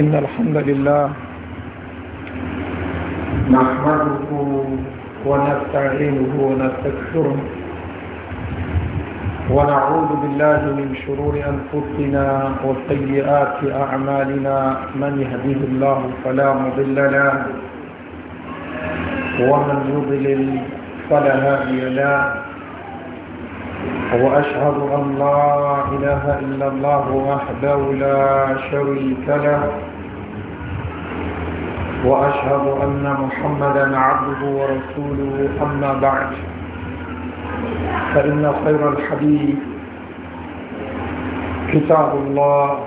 إن الحمد لله نحمده ونستعينه ونستكثره ونعوذ بالله من شرور أنفسنا وسيئات أعمالنا من يهديه الله فلا مضل له ومن يضلل فلا هادي له وأشهد أن لا إله إلا الله وحده لا شريك له وأشهد أن محمدا عبده ورسوله أما بعد فإن خير الحديث كتاب الله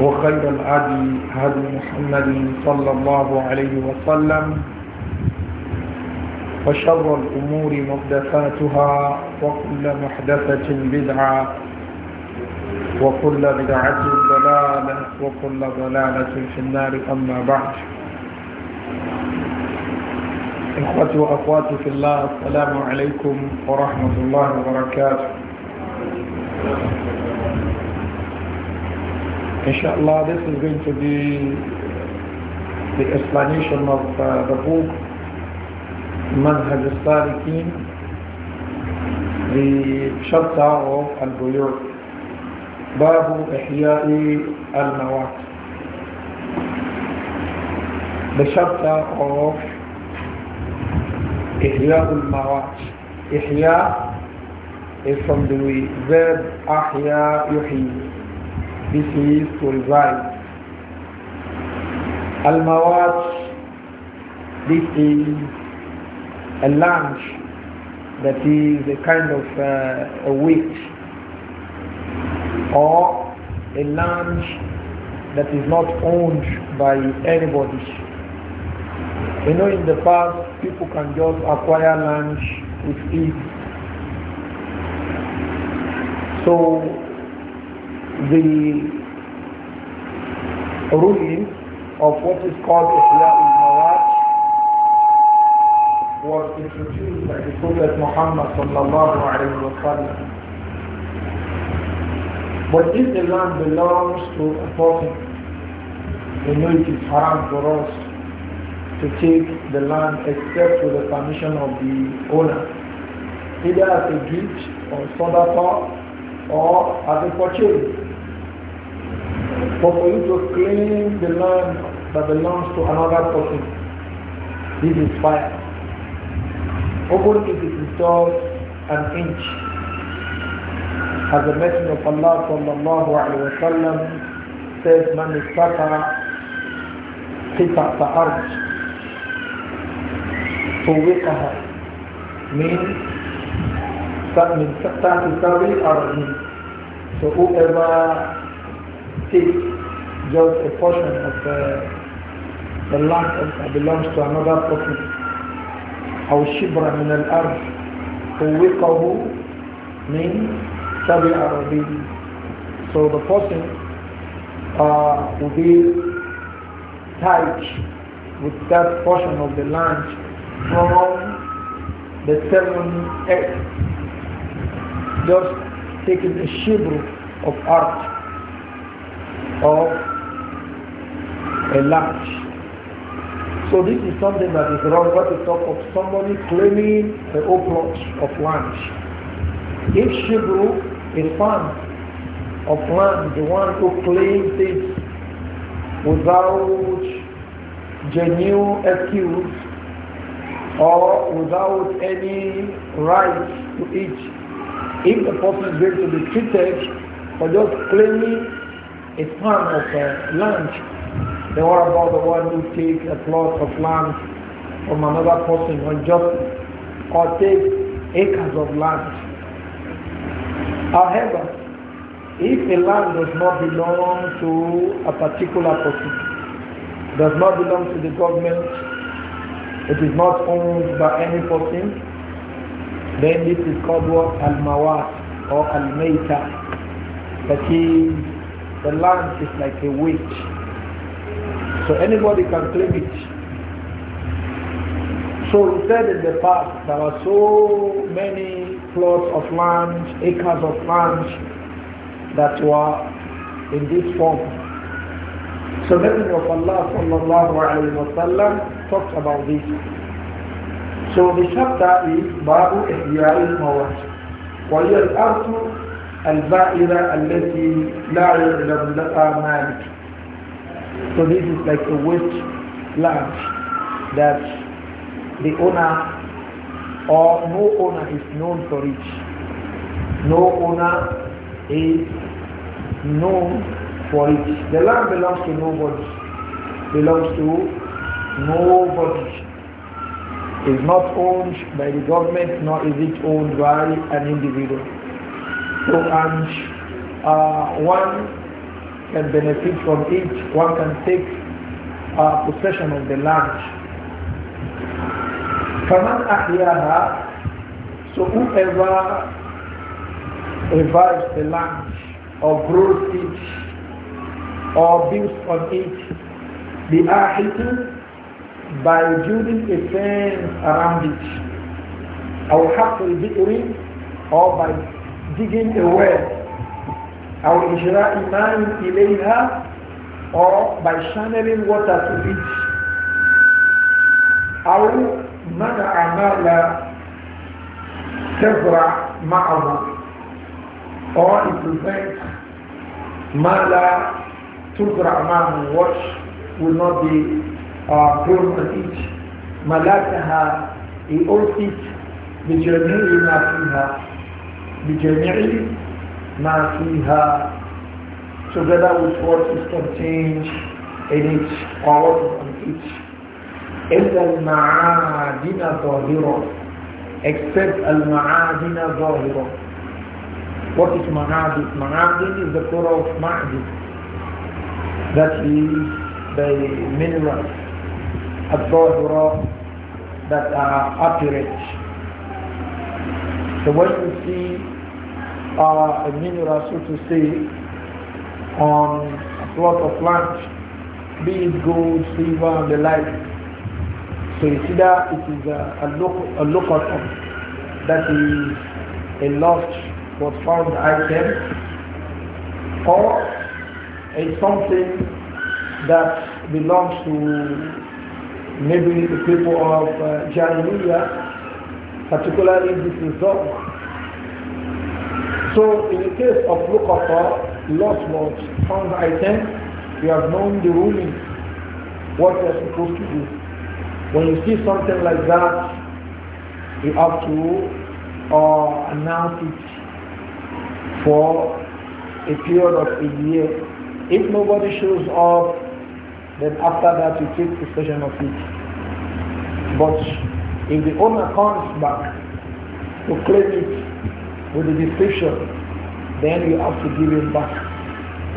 وخير الأدي هدي محمد صلى الله عليه وسلم وشر الأمور محدثاتها وكل محدثة بدعة وكل بدعة ضلالة وكل ضلالة في النار أما بعد إخوتي وأخواتي في الله السلام عليكم ورحمة الله وبركاته إن شاء الله this is going to be the explanation of uh, the book منهج السالكين the chapter of al البيوت باب إحياء الموات بشرط chapter إحياء الموات إحياء is from the verb أحياء يحيي This is to revive الموات This is a lunch that is a kind of uh, a witch or a land that is not owned by anybody. You know, in the past, people can just acquire land with ease. So, the ruling of what is called Islam Mawat was introduced by the Prophet Muhammad sallallahu alayhi wa sallam. But if the land belongs to a person, we know it is haram for us to take the land except with the permission of the owner, either as a gift or sadaqa or as a purchase. But for you to claim the land that belongs to another person, this is fire. Even if it is just an inch, as the Messenger of Allah sallallahu alayhi wa sallam says, Man is istata qita'ta arj tuwiqaha min min ta'ti tawi arjim. So whoever takes just a portion of the, the land that belongs to another person, أو شبرا من الأرض توقه من Arabi. So the person uh, will be tied with that portion of the land from the seven eight. Just taking a shibru of art of a land. So this is something that is wrong. What to talk of somebody claiming a whole plot of land. If Shibru Irfan of one, the one who claims it without genuine excuse or without any right to it. If the person is going to be treated for just claiming a farm of uh, land, then what about the one who takes a plot of land from another person or just or takes acres of land However, if a land does not belong to a particular person, does not belong to the government, it is not owned by any person, then this is called what? Al-Mawat or Al-Mayta. That is, the land is like a witch. So anybody can claim it. So we said in the past there are so many plots of land, acres of land that were in this form. So the Messenger of Allah sallallahu alayhi wa sallam talked about this. So the chapter is Babu Ihya'i al-Mawat. وهي الأرض البائرة التي لا يعلم لها مالك. So this is like a waste land that the owner or no owner is known for it. No owner is known for it. The land belongs to nobody. Belongs to nobody. Is not owned by the government, nor is it owned by an individual. So, and uh, one can benefit from it, one can take uh, possession of the land فَمَنْ أَحْيَاهَا So whoever revives the land or grows it or builds on it, the ahitu by building a fence around it. Our hafil bi'rin or by digging a well. Our ijra'i ma'in ilayha or by channeling water to it. Our منع ما لا تزرع معه or ما لا تزرع معه watch will not be uh, grown and eat ملاكها يؤتت بجميع ما فيها بجميع ما فيها together with what is contained in it or what is on each إلا المعادن ظاهرة except المعادن ظاهرة What is معادن? معادن is the core of معدن That is the minerals الظاهرة that are apparent So what you see are uh, a mineral so to say on a plot of land be it gold, silver and the like so see that it is a, a, a item that is a lost but found item or it's something that belongs to maybe the people of uh, particularly this is So in the case of local lost was found item, we have known the ruling, what we are supposed to do. When you see something like that, you have to uh, announce it for a period of a year. If nobody shows up, then after that you take possession of it. But if the owner comes back to claim it with the description, then you have to give it back.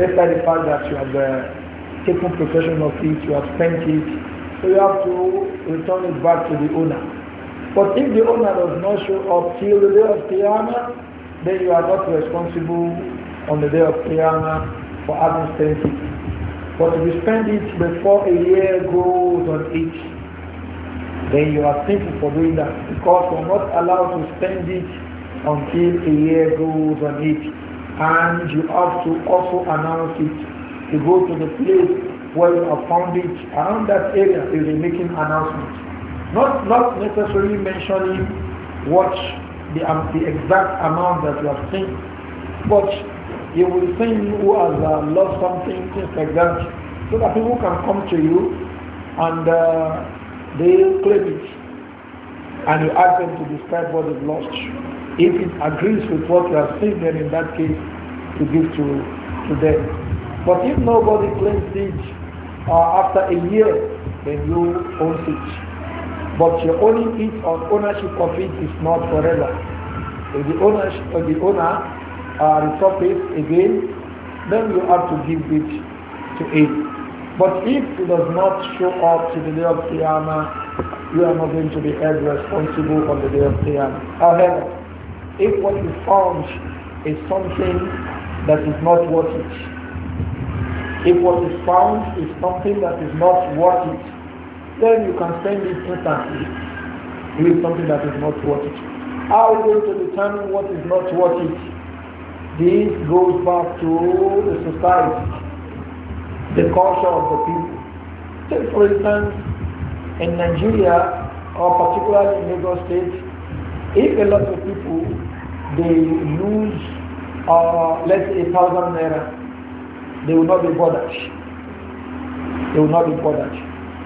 Despite the fact that you have uh, taken possession of it, you have spent it, so you have to return it back to the owner. But if the owner does not show up till the day of Qiyamah, then you are not responsible on the day of Qiyamah for having spent it. But if you spend it before a year goes on it, then you are sinful for doing that because you are not allowed to spend it until a year goes on it. And you have to also announce it. You go to the place well found it around that area they will be making announcements. Not, not necessarily mentioning what the, um, the exact amount that you have seen, but you will say you who has uh, lost something, things like that, so that people can come to you and uh, they claim it. And you ask them to describe what they've lost. If it agrees with what you have seen, then in that case, you give to, to them. But if nobody claims it, after a year, then you own it. But your owning it or ownership of it is not forever. If the owner, of the owner uh, resurfaces again, then you have to give it to it. But if it does not show up to the day of Qiyamah, you are not going to be held responsible on the day of Qiyamah. However, if what you found is something that is not worth it, if what is found is something that is not worth it, then you can send it instantly with something that is not worth it. How are we going to determine what is not worth it? This goes back to the society, the culture of the people. Take for instance, in Nigeria, or particularly in Lagos State, if a lot of people, they lose, uh, let's say, a thousand naira they will not be bothered. They will not be bothered.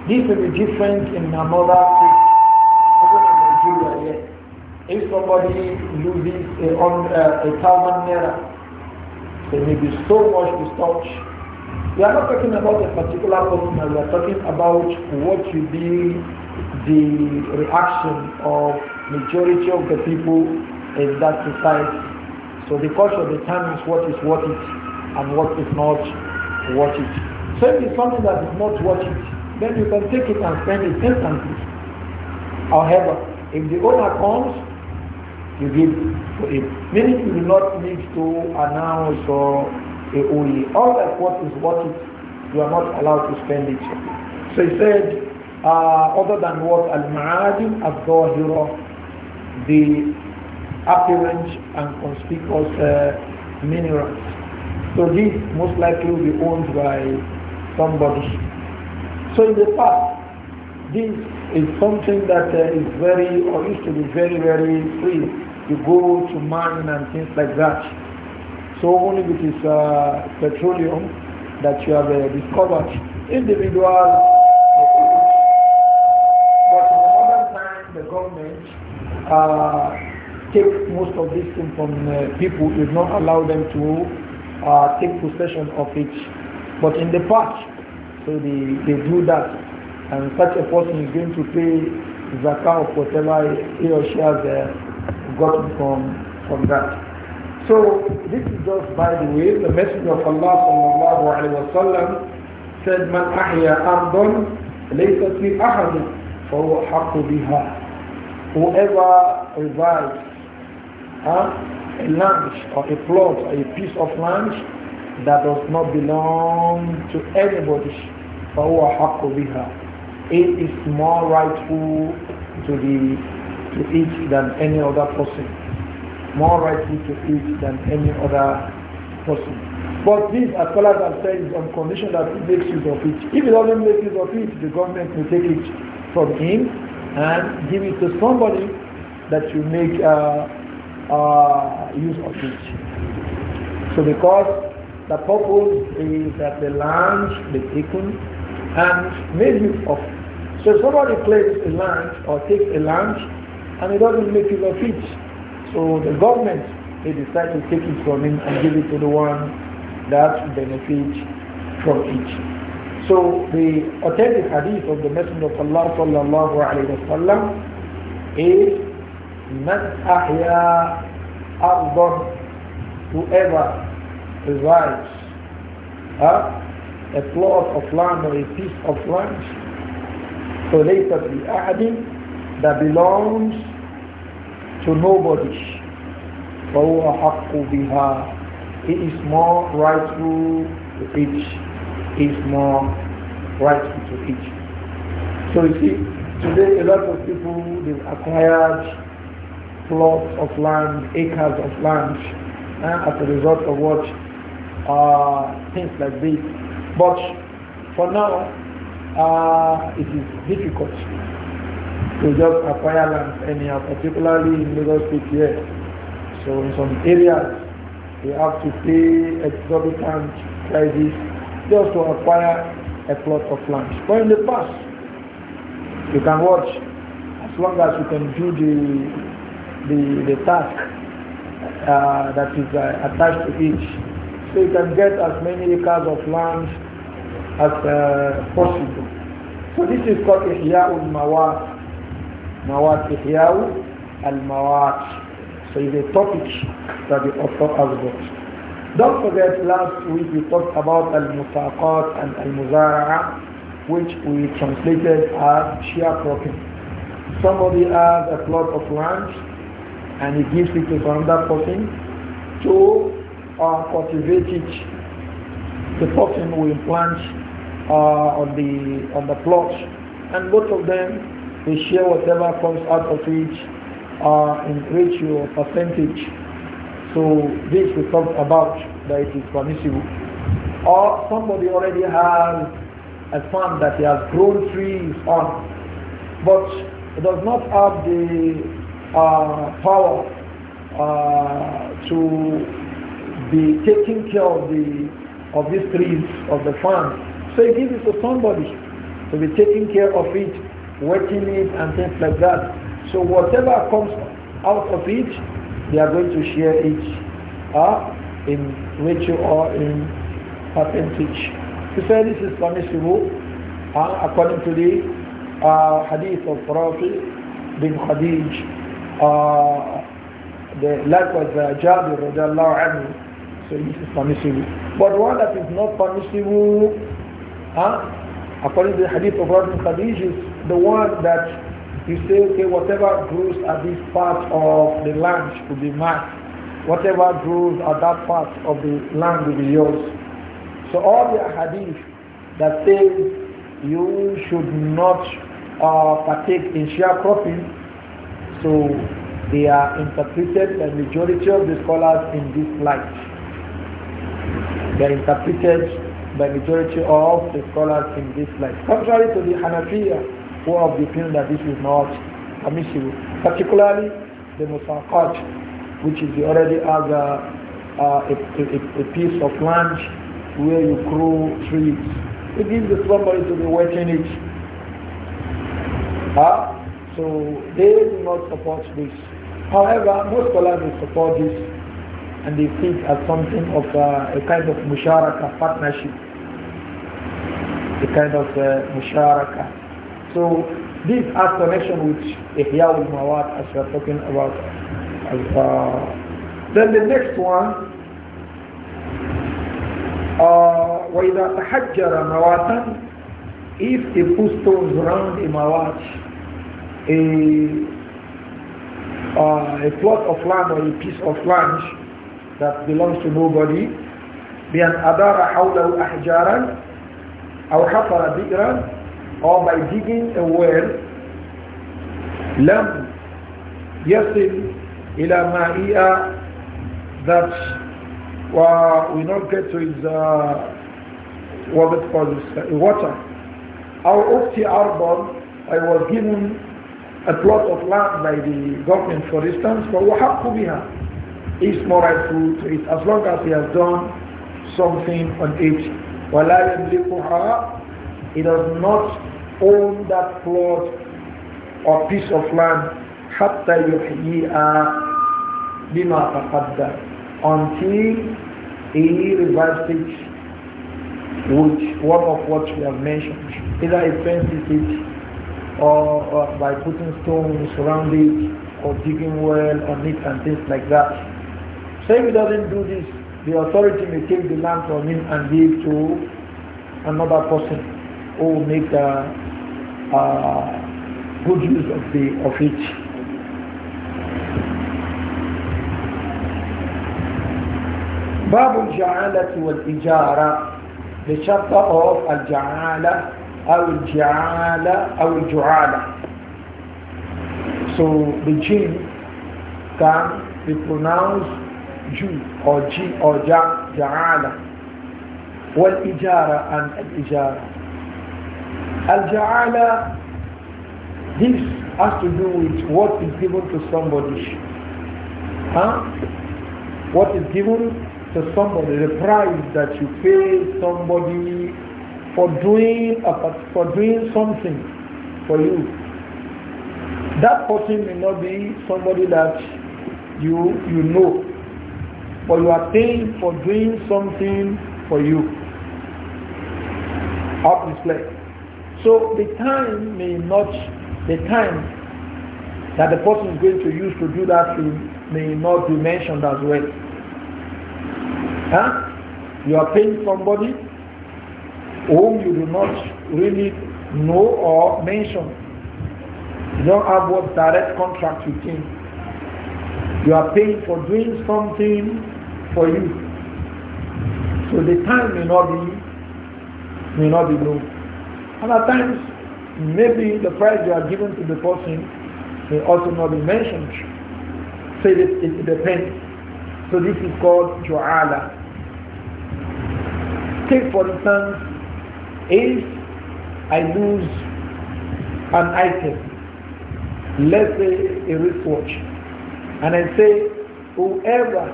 This will be different in another case, even in Nigeria. Yes. If somebody loses a, on, uh, a thousand naira, there may be so much to We are not talking about a particular person, we are talking about what will be the reaction of majority of the people in that society. So the culture of the time is what is worth it and what is not worth it. So if something that is not worth it, then you can take it and spend it instantly. However, if the owner comes, you give to him. Meaning you do not need to announce or a OE. All that what is worth it, you are not allowed to spend it. So he said, uh, other than what al-ma'adim al-zahira, the apparent and conspicuous uh, minerals. So this most likely will be owned by somebody. So in the past, this is something that uh, is very, or used to be very, very free. You go to mine and things like that. So only with this uh, petroleum that you have uh, discovered, individual, But in the modern time, the government uh, take most of this thing from uh, people. Did not allow them to uh, take possession of it. But in the past, so they, they do that. And such a person is going to pay zakah of whatever he or she has uh, gotten from, from that. So this is just by the way, the message of Allah sallallahu alayhi wa sallam said, "Man أحيا أرضا ليست في أحد فهو Whoever revives huh, a land or a plot or a piece of land that does not belong to anybody, It is more rightful to, the, to eat than any other person. More rightful to eat than any other person. But this, as as I said, is on condition that he makes use of it. If he doesn't make use of it, the government will take it from him and give it to somebody that will make uh, uh, use of it. So because the purpose is that the land be taken and made use of. So somebody claims a land or takes a land and it doesn't make use of it. So the government, they decide to take it from him and give it to the one that benefits from it. So the authentic hadith of the Messenger of Allah sallallahu alayhi wa sallam is Man al ardon, whoever revives huh? a plot of land or a piece of land, so later the ahadin that belongs to nobody. فَهُوَ حَقُّ It is more rightful to each. It is more rightful to each. So you see, today a lot of people, they've acquired plots of land, acres of land, uh, as a result of what uh, things like this. But for now, uh, it is difficult to just acquire land anyhow, particularly in middle State here. So in some areas, we have to pay exorbitant prices just to acquire a plot of land. But in the past, you can watch as long as you can do the the, the task uh, that is uh, attached to each. So you can get as many acres of land as uh, possible. So this is called al Mawat. Mawat Ihya'u Al-Mawat. So it's a topic that the author has got. Don't forget last week we talked about Al-Mutaqat and Al-Muzara'a which we translated as sharecropping. Somebody has a plot of land and he gives it to another person to uh, cultivate it. The person will plant uh, on the on the plot, and both of them they share whatever comes out of it uh, in ratio percentage. So this we talked about that it is permissible. Or somebody already has a farm that he has grown trees on, but does not have the uh, power uh, to be taking care of the of these trees of the farm. So he gives it to somebody to be taking care of it, wetting it and things like that. So whatever comes out of it, they are going to share it uh, in virtue or in percentage. He said this is permissible uh, according to the uh, hadith of Prophet, bin Khadij uh, the, likewise uh, Jabir radiallahu anhu, so this is permissible. But one that is not permissible, huh? according to the hadith of Rasul Khadij, is the one that you say, okay, whatever grows at this part of the land should be mine. Whatever grows at that part of the land will be yours. So all the hadith that says you should not uh, partake in sharecropping so they are interpreted by majority of the scholars in this light. They are interpreted by majority of the scholars in this light. Contrary to the Hanafiya, who are of the opinion that this is not permissible, particularly the Musaqat, which is already has a, a, a, a, piece of land where you grow trees. It gives the somebody to be wetting it. Huh? So they do not support this. However, most scholars will support this and they see it as something of uh, a kind of musharaka partnership. A kind of uh, musharaka. So this has connection with Ihya al-Mawat as we are talking about. uh, then the next one uh, وإذا تحجر مواتا if he puts stones around a mawat a, uh, a plot of land or a piece of land that belongs to nobody بأن أدار حوله أحجارا أو حفر بئرا or by digging a well لم يصل إلى مائية that uh, we not get to his uh, what it calls uh, water. Our Ufti Arbon, I was given a plot of land by the government, for instance, for وَحَقُّ is more rightful to it as long as he has done something on it. for her, He does not own that plot or piece of land until he revives it which one of what we have mentioned. Either he fences it or, or by putting stones around it or digging well on it and things like that. So if he doesn't do this, the authority may take the land from him and give to another person who will make a, uh, a uh, good use of, the, of it. باب الجعالة والإجارة the chapter of al أو الجعالة أو الجعالة So the jinn can be pronounced Ju or Ji or Ja, Ja'ala. والإجارة and الإجارة. الجعالة This has to do with what is given to somebody. Huh? What is given to somebody, the price that you pay somebody for doing a, for doing something for you. That person may not be somebody that you you know, but you are paying for doing something for you. Up display. So the time may not the time that the person is going to use to do that thing may not be mentioned as well. Huh? You are paying somebody whom you do not really know or mention. You don't have what direct contract with him. You are paying for doing something for you. So the time may not be may not be known. And at times maybe the price you are given to the person may also not be mentioned. So it, it depends. So this is called Jo'ala. Take for instance if I lose an item, let's say a wristwatch, and I say, whoever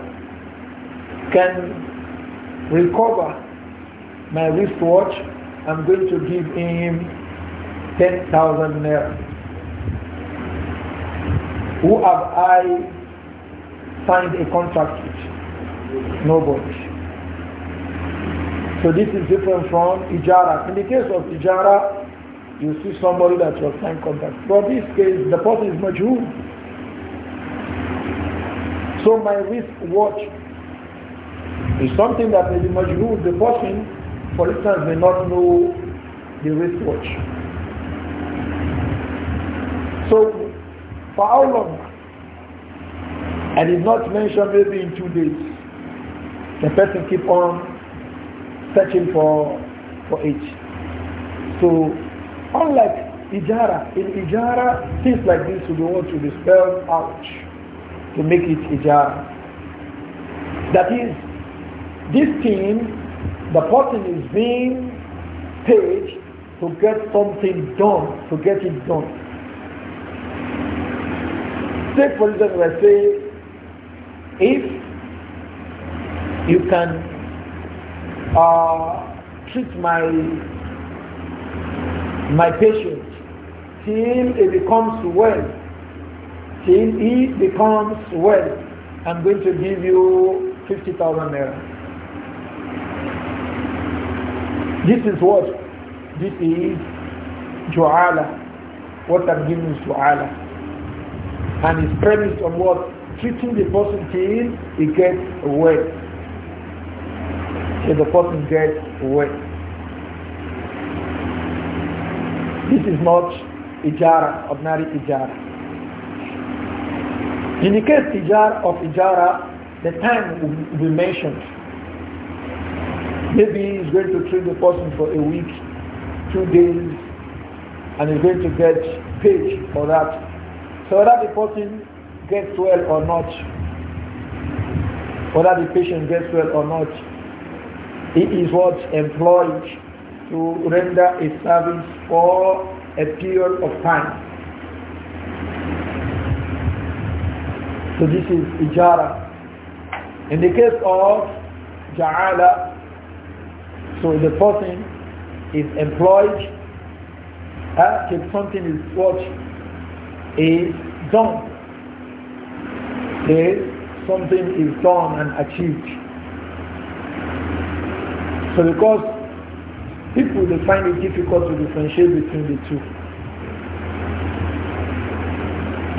can recover my wristwatch, I'm going to give him 10,000 naira. Who have I signed a contract with? Nobody. So this is different from ijara. In the case of ijara, you see somebody that you have signed contract. For this case, the person is majhul. So my wrist watch is something that may be majhul. The person, for instance, may not know the wristwatch. So for how long? I did not mention maybe in two days. The person keep on searching for for it. So unlike Ijara, in Ijara things like this would want to be spelled out to make it Ijara. That is, this team, the person is being paid to get something done, to get it done. Take for example, I say, if you can uh, treat my my patient till he becomes well, till he becomes well, I'm going to give you 50,000 naira. This is what? This is Ju'ala. What I'm giving is Ju'ala. And it's premised on what? Treating the person till he gets well that the person gets wet. This is not ijara, ordinary ijara. In the case ijara of ijara, the time will be mentioned. Maybe he's going to treat the person for a week, two days, and he's going to get paid for that. So whether the person gets well or not, whether the patient gets well or not, he is what employed to render a service for a period of time. So this is ijara. In the case of ja'ala, so the person is employed until uh, something is what is done. Okay? Something is done and achieved. So because people they find it difficult to differentiate between the two.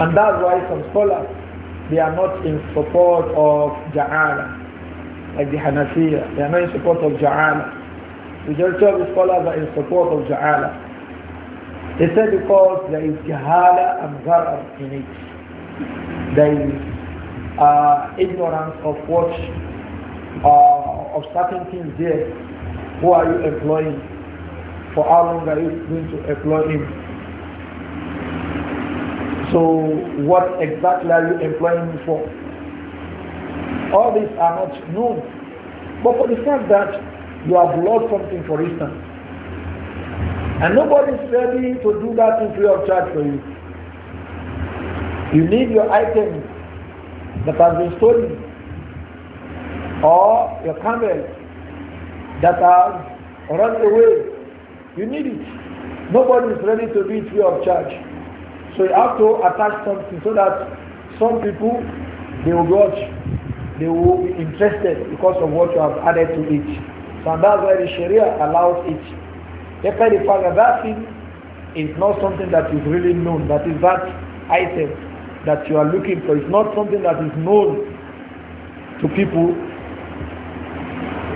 And that's why some scholars they are not in support of Ja'ala, like the Hanafiya. They are not in support of Ja'ala. Majority of the scholars are in support of Ja'ala. They said because there is jahala and gharar in it. There is uh, ignorance of what, uh, of certain things there. Who are you employing? For how long are you going to employ him? So what exactly are you employing him for? All these are not known. But for the fact that you have lost something, for instance, and nobody is ready to do that in free of charge for you. You need your item that has been stolen or your camel that around run away. You need it. Nobody is ready to do it free of charge. So you have to attach something so that some people, they will watch, they will be interested because of what you have added to it. So that's why the Sharia allows it. Despite the fact that that thing is not something that is really known, that is that item that you are looking for. It's not something that is known to people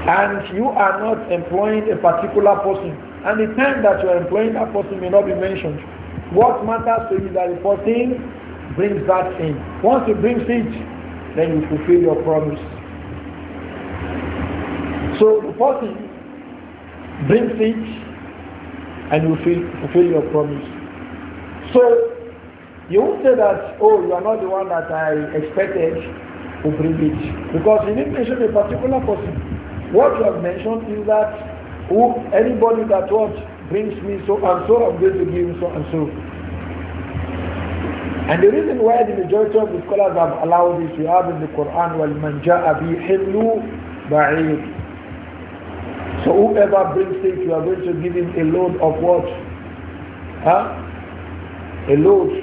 and you are not employing a particular person and the time that you are employing that person may not be mentioned what matters to you that the person brings that in once you bring it then you fulfill your promise so the person brings it and you fulfill your promise so you won't say that oh you are not the one that i expected to bring it because you didn't mention a particular person what you have mentioned is that who, anybody that what brings me so and so, I'm going to give so and so. And the reason why the majority of the scholars have allowed this, we have in the Quran, manja جَاءَ بِهِلُّ بَعِيدٍ So whoever brings it, you are going to give him a load of what? Huh? A load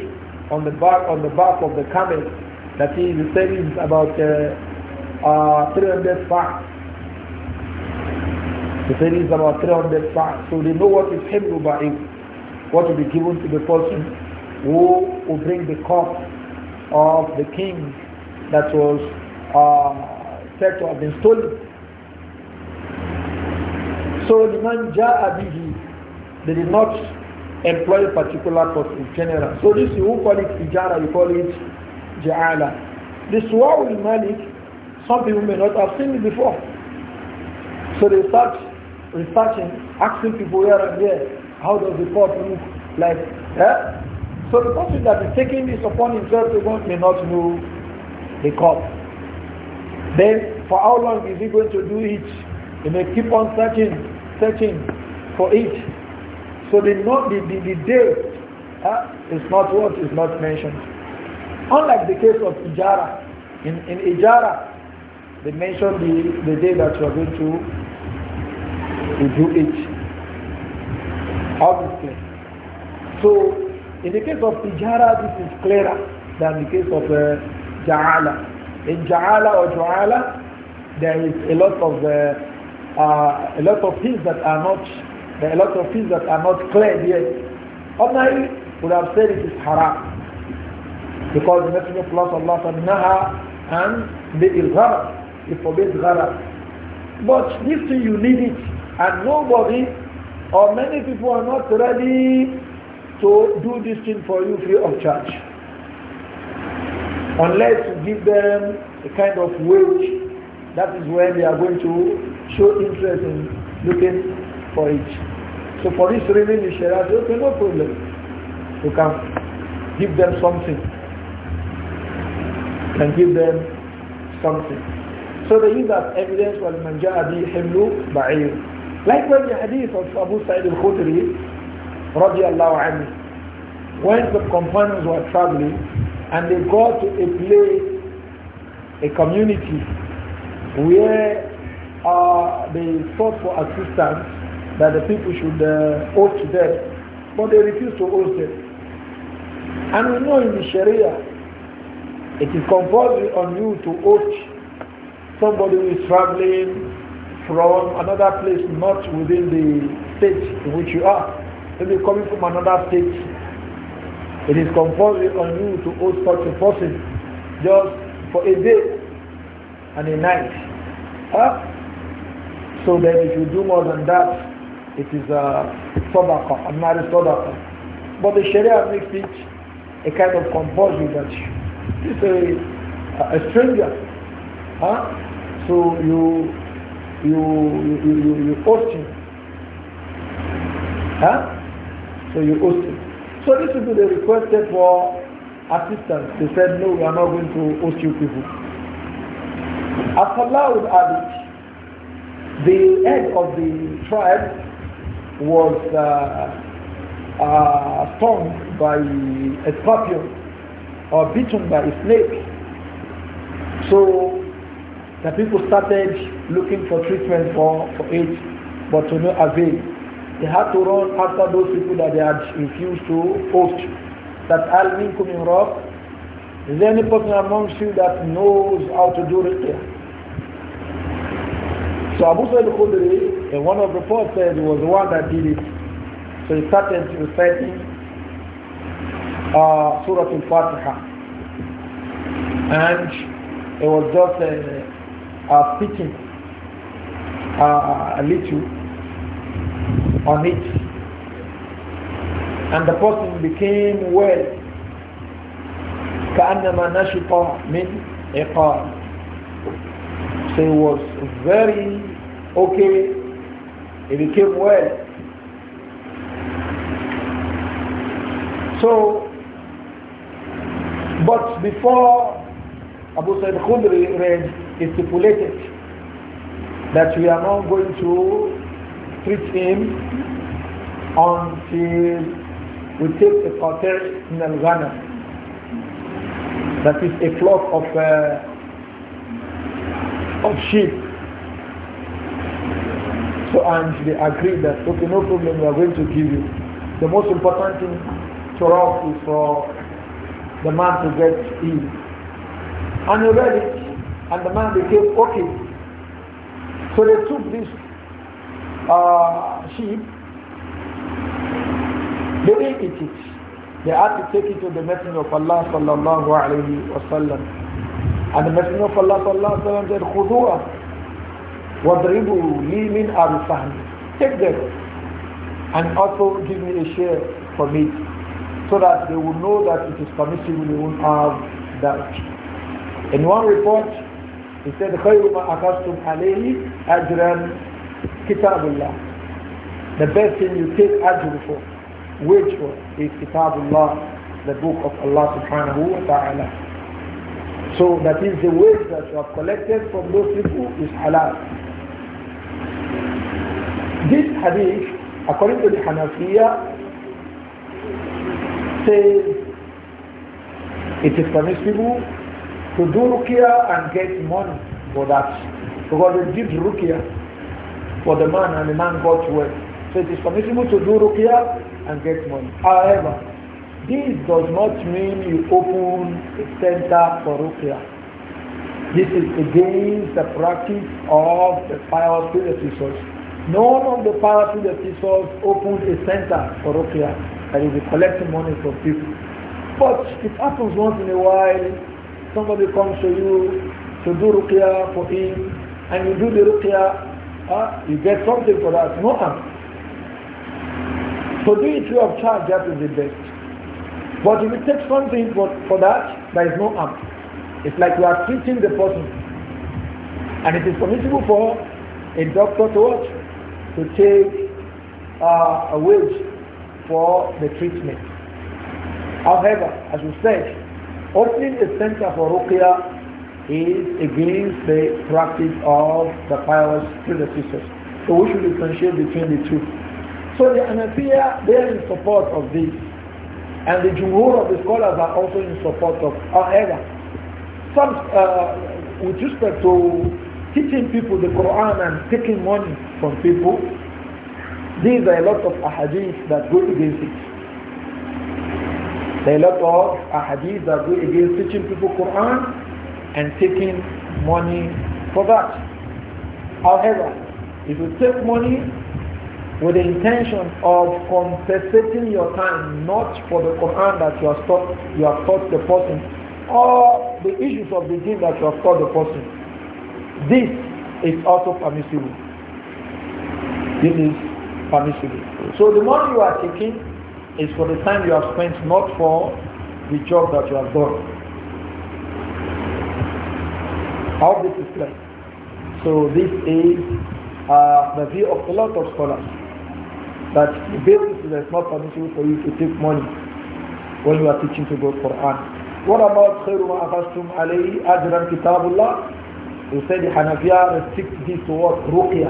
on the back on the back of the camel that he is saying about uh, uh, 300 facts. The hadith is about 300 So they know what is Himlu Ba'if, what will be given to the person who will bring the cup of the king that was uh, said to have been stolen. So Liman Ja'a they did not employ a particular person general. So this you call it Ijara, you call it Ja'ala. This Wa'ul Malik, some people may not have seen it before. So they start researching, asking people here and there, how does the pot move? Like, yeah? So the person that is taking this upon himself to go may not know the court. Then, for how long is he going to do it? He may keep on searching, searching for it. So the, not, the, the, the day uh, eh, is not what is not mentioned. Unlike the case of Ijara. In, in Ijara, they mentioned the, the day that you are going to to do it. obviously. So, in the case of Ijara, this is clearer than the case of uh, Ja'ala. In Ja'ala or juala, there is a lot of uh, uh, a lot of things that are not there are a lot of things that are not clear yet. Ordinarily would have said it is haram. Because the Messenger of Allah said, Naha and the ilghara, it forbids ghara. But this thing you need it and nobody or many people are not ready to do this thing for you free of charge. Unless you give them a kind of wage, that is when they are going to show interest in looking for it. So for this reason, you share out, okay, no problem. You can give them something. You can give them something. So they use that evidence, was جَاءَ بِهِ حِمْلُ Likewise, the hadith of Abu Sa'id al-Khudri, radiallahu anhu, when the companions were traveling and they got to a place, a community, where uh, they sought for assistance that the people should uh, owe to them, but they refused to owe them. And we know in the Sharia, it is compulsory on you to owe somebody who is traveling from another place not within the state in which you are. Maybe coming from another state. It is compulsory on you to host such a person just for a day and a night. Huh? So then if you do more than that, it is a sobaka, a married sobaka. But the Sharia makes it a kind of compulsory that it's a, a stranger. Huh? So you you you you, you, you host him. Huh? So you host him. So these people they requested for assistance. They said no, we are not going to host you people. As Allah would have it, the head of the tribe was uh, uh, stung by a scorpion or beaten by a snake. So the people started looking for treatment for, for it, but to no avail. They had to run after those people that they had refused to post. That Al Minkum in Rock. Is there any person amongst you that knows how to do it? So Abu Sa'id Khudri, in one of the four said, was the one that did it. So he started reciting uh, Surah Al-Fatiha. And it was just a are speaking uh, a little on it and the person became well كأنما نشط من عقاب so he was very okay he became well so but before Abu Said Khudri read, he stipulated that we are not going to treat him until we take the quarter in Al Ghana. That is a flock of uh, of sheep. So and they agreed that okay, no problem, we are going to give you. The most important thing to us is for the man to get healed. And he read it, and the man became okay. So they took this uh, sheep, they didn't eat it. They had to take it to the Messenger of Allah sallallahu alayhi wasallam. And the Messenger of Allah sallallahu alayhi wa sallam said, خُذُوهَا وَضْرِبُوا لِي مِنْ أَرْسَهْنِ Take them and also give me a share from it so that they will know that it is permissible, they won't have doubt. In one report, he said, خَيْرُ مَا أَخَذْتُمْ عَلَيْهِ أَجْرًا كِتَابُ اللَّهِ The best thing you take ajr for, which for, is كتاب الله, the book of Allah subhanahu wa ta'ala. So that is the wage that you have collected from those people is halal. This hadith, according to the Hanafiya, says it is permissible to do rukia and get money for that. Because they did rukia for the man and the man got well. So it is permissible to do rukia and get money. However, this does not mean you open a center for rukia. This is against the practice of the pious predecessors. None of the pious predecessors opened a center for rukia that is collecting money from people. But it happens once in a while Somebody comes to you to do ruqya for him and you do the ruqya, uh, you get something for that. No harm. So do it free of charge, that is the best. But if you take something for, for that, there is no harm. It's like you are treating the person. And it is permissible for a doctor to what? To take uh, a wage for the treatment. However, as we said, Opening a center for Ruqya is against the practice of the pious predecessors. So we should differentiate between the two. So the Hanafiya, they are in support of this. And the Jumhur of the scholars are also in support of, however, some, uh, with respect to teaching people the Quran and taking money from people, these are a lot of ahadith that go against it. They are a lot of ahadith that we against teaching people Quran and taking money for that. However, if you take money with the intention of compensating your time, not for the Quran that you have taught, you have taught the person, or the issues of the deen that you have taught the person, this is also permissible. This is permissible. So the money you are taking is for the time you have spent, not for the job that you have done. How this is clear. So this is uh, the view of a lot of scholars that the basis is not permissible for you to take money when you are teaching to go Quran. What about خير ما أخذتم عليه أجرا كتاب الله? You said the Hanafiya restrict this to what? Ruqya.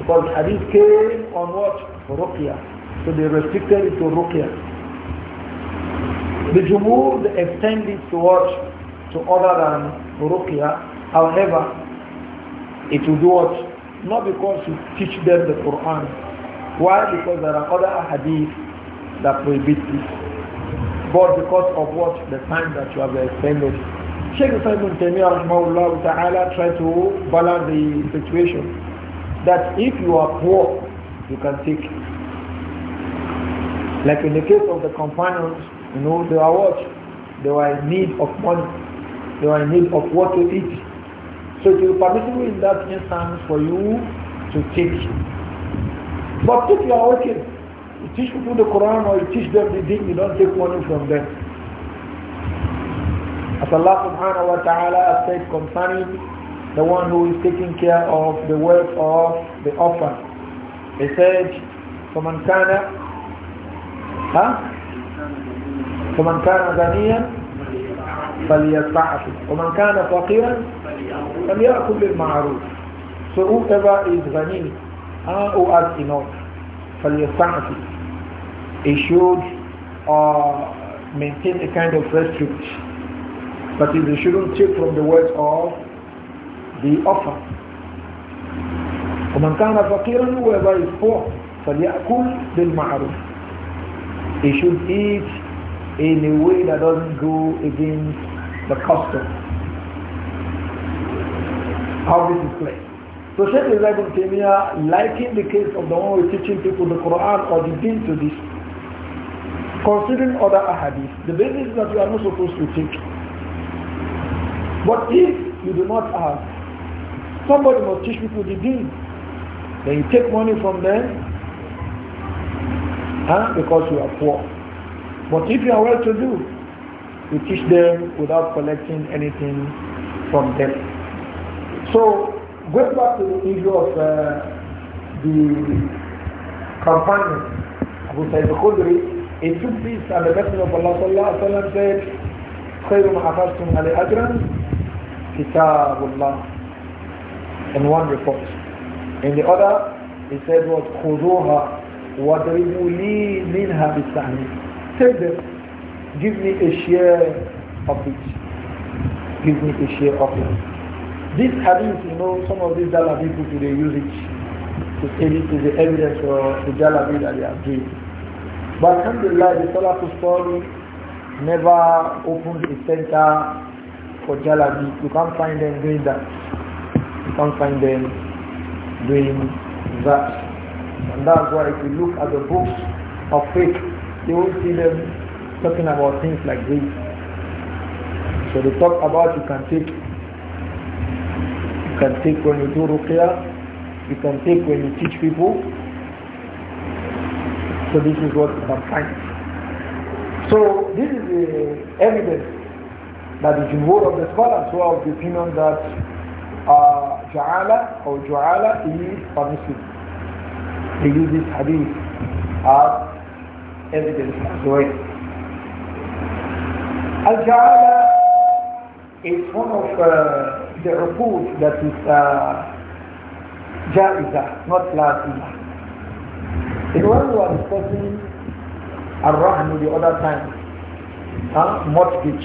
Because hadith came on what? Ruqya. So they restricted it to ruqya. The jumur extended to what? To other than ruqya. However, it will do what? Not because you teach them the Quran. Why? Because there are other hadith that prohibit this. But because of what? The time that you have extended. Sheikh Simon Taymiyyah rahmahullah ta'ala tried to balance the situation that if you are poor, you can take like in the case of the companions, you know, they were what? They were in need of money. They were in need of what to eat. So it is permissible in that instance for you to teach. But if you are working, you teach people the Quran or you teach them the deen, you don't take money from them. As Allah subhanahu wa ta'ala said concerning the one who is taking care of the wealth of the orphan. He said, فَمَنْ كَانَ ها فمن كان غنيا فليتعف ومن كان فقيرا فليأكل بالمعروف so whoever is غني uh, who has enough فليتعف he should uh, maintain a kind of restraint but he shouldn't take from the words of the offer ومن كان فقيرا whoever is فليأكل بالمعروف He should eat in a way that doesn't go against the custom. How this is played. So Shaykh Isaac ibn Taymiyyah liking the case of the one who is teaching people the Quran or the Deen to this. Considering other ahadith, the basis that you are not supposed to take. But if you do not ask, somebody must teach people the Deen. Then you take money from them huh? because you are poor. But if you are well to do, you teach them without collecting anything from them. So, going back to the issue of uh, the companion, Abu Sayyid al-Khudri, he took this and the Messenger of Allah sallallahu said, خير ما على أجرا كتاب الله in one report. In the other, he said what? خذوها وَاضْرِبُوا لِي مِنْهَا بِالسَّهْمِ Take them. Give me a share of it. Give me a share of it. This hadith, you know, some of these Dala people today use it to say this is the evidence for the Dala that they are doing. But Alhamdulillah, the Salafu story never opened a center for Jalabi. You can't find them doing that. You can't find them doing that. And that's why if you look at the books of faith, you will see them talking about things like this. So they talk about you can take, you can take when you do ruqya, you can take when you teach people. So this is what you can find. So this is the evidence that in jumhur of the scholars who are the opinion that uh, Ja'ala or Ja'ala is permissible. They use this hadith as evidence as well. Al-Ja'ala is one of uh, the reports that is uh, not Lazima. If one was discussing Ar-Rahmi the other time, huh? mortgage.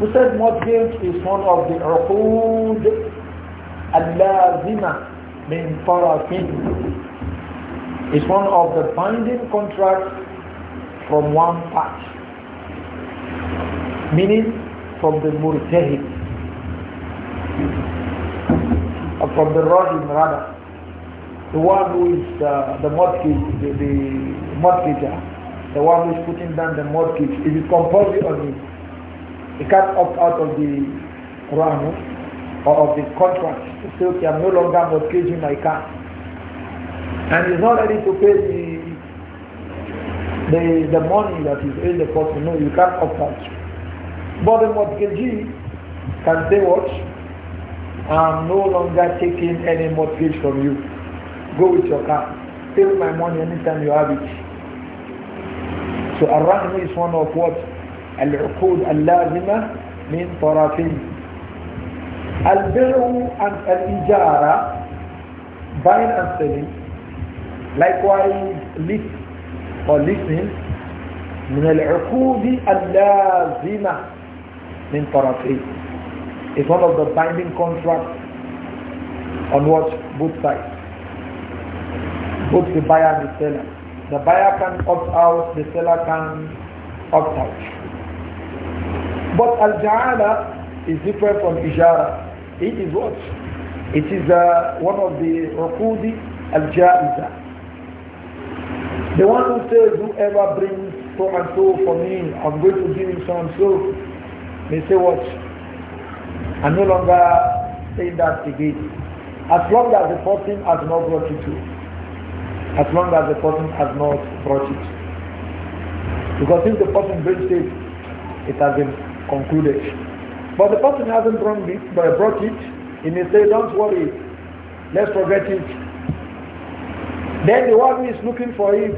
We said mortgage is one of the uqud al-lazima min tarafin it's one of the binding contracts from one part, meaning from the murtahid, or uh, from the rahim rather, the one who is uh, the mortgage, the, the mortgager, the one who is putting down the mortgage. It is compulsory on It He can't opt out of the Quran or of the contract so say, okay, I'm no longer mortgaging my car and he's not ready to pay the the, the money that is in the person. No, you can't opt But the mortgagee can say what? I'm no longer taking any mortgage from you. Go with your car. Take my money anytime you have it. So ar is one of what? Al-Uqud Al-Lazima min Tarafin. al biru and Al-Ijara, buying and selling, likewise list or listening من العقود اللازمة من طرفين is one of the binding contracts on what both sides both the buyer and the seller the buyer can opt out the seller can opt out but al-ja'ala is different from ijara it is what it is uh, one of the uqudi al the one who says, whoever brings so and so for me, I'm going to give him so and so, may say what? I'm no longer saying that again. As long as the person has not brought it to. As long as the person has not brought it. Because if the person brings it, it has been concluded. But the person hasn't brought it, but brought it, he may say, don't worry, let's forget it. Then the one who is looking for it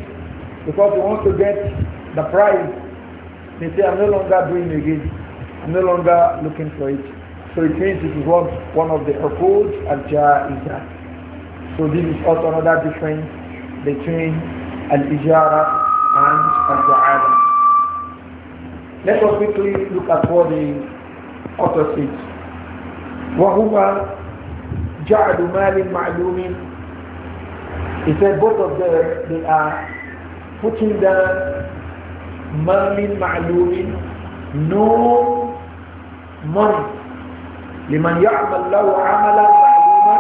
because they want to get the prize. They say, I'm no longer doing again. I'm no longer looking for it. So it means it is one, one of the uquds al-ja'iza. So this is also another difference between al-ijara and an jaala Let us quickly look at what the author says. وهو جعل مال معلوم He said both of them, they are putting down mamin ma'lumin no money لمن يعمل له عملا معلوما